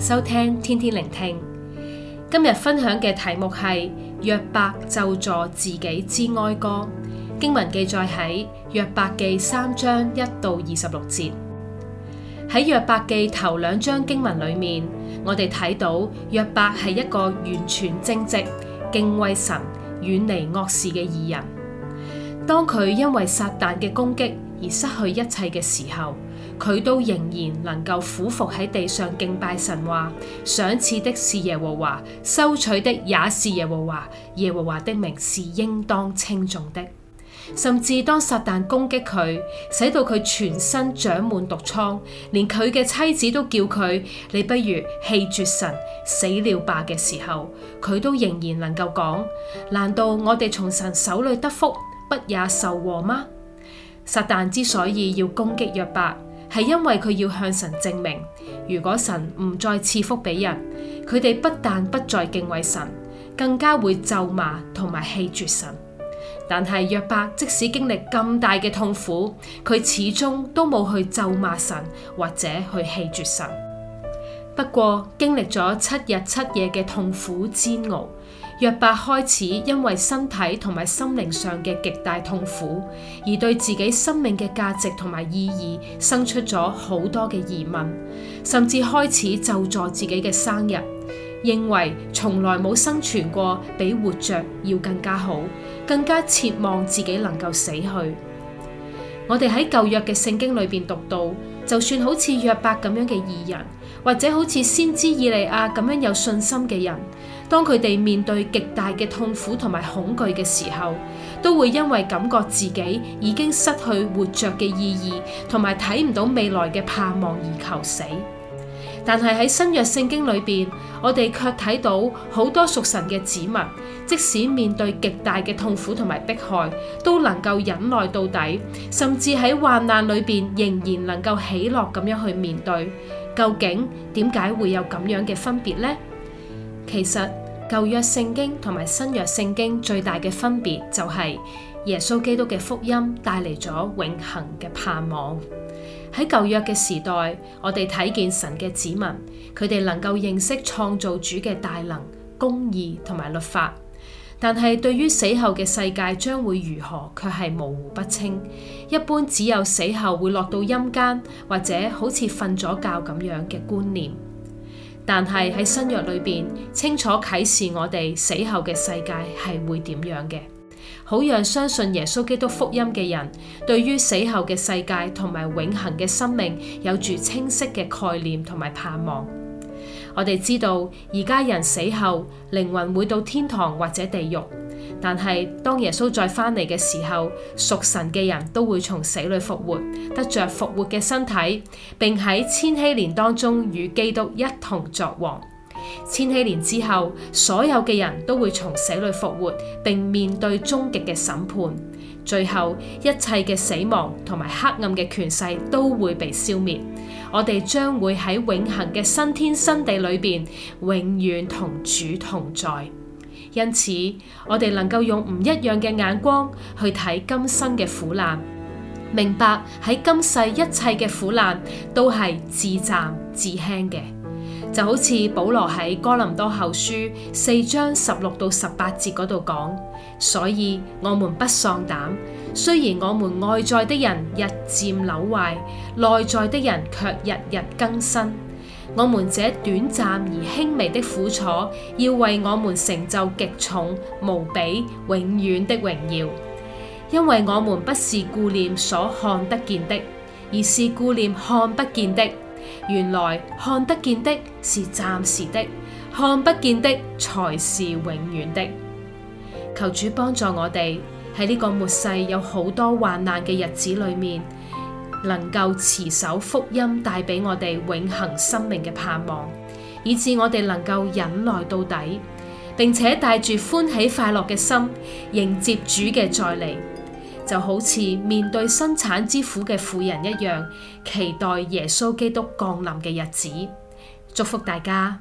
收聽天天靈聽，今日分享嘅題目係約伯咒詛自己之哀歌。經文記載喺約伯記三章一到二十六節。喺約伯記頭兩章經文裏面，我哋睇到約伯係一個完全正直、敬畏神、遠離惡事嘅義人。當佢因為撒旦嘅攻擊而失去一切嘅時候，佢都仍然能夠俯伏喺地上敬拜神話，話賞賜的是耶和華，收取的也是耶和華。耶和華的名是應當稱頌的。甚至當撒但攻擊佢，使到佢全身長滿毒瘡，連佢嘅妻子都叫佢：你不如棄掉神死了吧嘅時候，佢都仍然能夠講。難道我哋從神手裏得福，不也受禍嗎？撒但之所以要攻擊約伯。係因為佢要向神證明，如果神唔再賜福俾人，佢哋不但不再敬畏神，更加會咒罵同埋棄絕神。但係約伯即使經歷咁大嘅痛苦，佢始終都冇去咒罵神或者去棄絕神。不過經歷咗七日七夜嘅痛苦煎熬，約伯開始因為身體同埋心靈上嘅極大痛苦，而對自己生命嘅價值同埋意義生出咗好多嘅疑問，甚至開始咒詛自己嘅生日，認為從來冇生存過比活着要更加好，更加切望自己能夠死去。我哋喺舊約嘅聖經裏邊讀到，就算好似約伯咁樣嘅義人，或者好似先知以利亞咁樣有信心嘅人，當佢哋面對極大嘅痛苦同埋恐懼嘅時候，都會因為感覺自己已經失去活着嘅意義，同埋睇唔到未來嘅盼望而求死。但係喺新約聖經裏邊，我哋卻睇到好多屬神嘅子民，即使面對極大嘅痛苦同埋迫害，都能夠忍耐到底，甚至喺患難裏邊仍然能夠喜樂咁樣去面對。究竟點解會有咁樣嘅分別呢？其實舊約聖經同埋新約聖經最大嘅分別就係耶穌基督嘅福音帶嚟咗永恒嘅盼望。喺舊約嘅時代，我哋睇見神嘅子民，佢哋能夠認識創造主嘅大能、公義同埋律法，但係對於死後嘅世界將會如何，卻係模糊不清。一般只有死後會落到陰間或者好似瞓咗覺咁樣嘅觀念。但係喺新約裏邊，清楚啟示我哋死後嘅世界係會點樣嘅，好讓相信耶穌基督福音嘅人，對於死後嘅世界同埋永恆嘅生命，有住清晰嘅概念同埋盼望。我哋知道而家人死後靈魂會到天堂或者地獄，但係當耶穌再翻嚟嘅時候，屬神嘅人都會從死裡復活，得着復活嘅身體，並喺千禧年當中與基督一同作王。千禧年之後，所有嘅人都會從死裡復活，並面對終極嘅審判。最後，一切嘅死亡同埋黑暗嘅權勢都會被消滅，我哋將會喺永恆嘅新天新地裏邊，永遠同主同在。因此，我哋能夠用唔一樣嘅眼光去睇今生嘅苦難，明白喺今世一切嘅苦難都係至暫至輕嘅。就好似保羅喺哥林多後書四章十六到十八節嗰度講，所以我們不喪膽，雖然我們外在的人日漸朽壞，內在的人卻日日更新。我們這短暫而輕微的苦楚，要為我們成就極重、無比、永遠的榮耀，因為我們不是顧念所看得見的，而是顧念看不見的。原來看得見的是暫時的，看不見的才是永遠的。求主幫助我哋喺呢個末世有好多患難嘅日子裏面，能夠持守福音帶俾我哋永恆生命嘅盼望，以致我哋能夠忍耐到底，並且帶住歡喜快樂嘅心迎接主嘅再嚟。就好似面對生產之苦嘅婦人一樣，期待耶穌基督降臨嘅日子。祝福大家。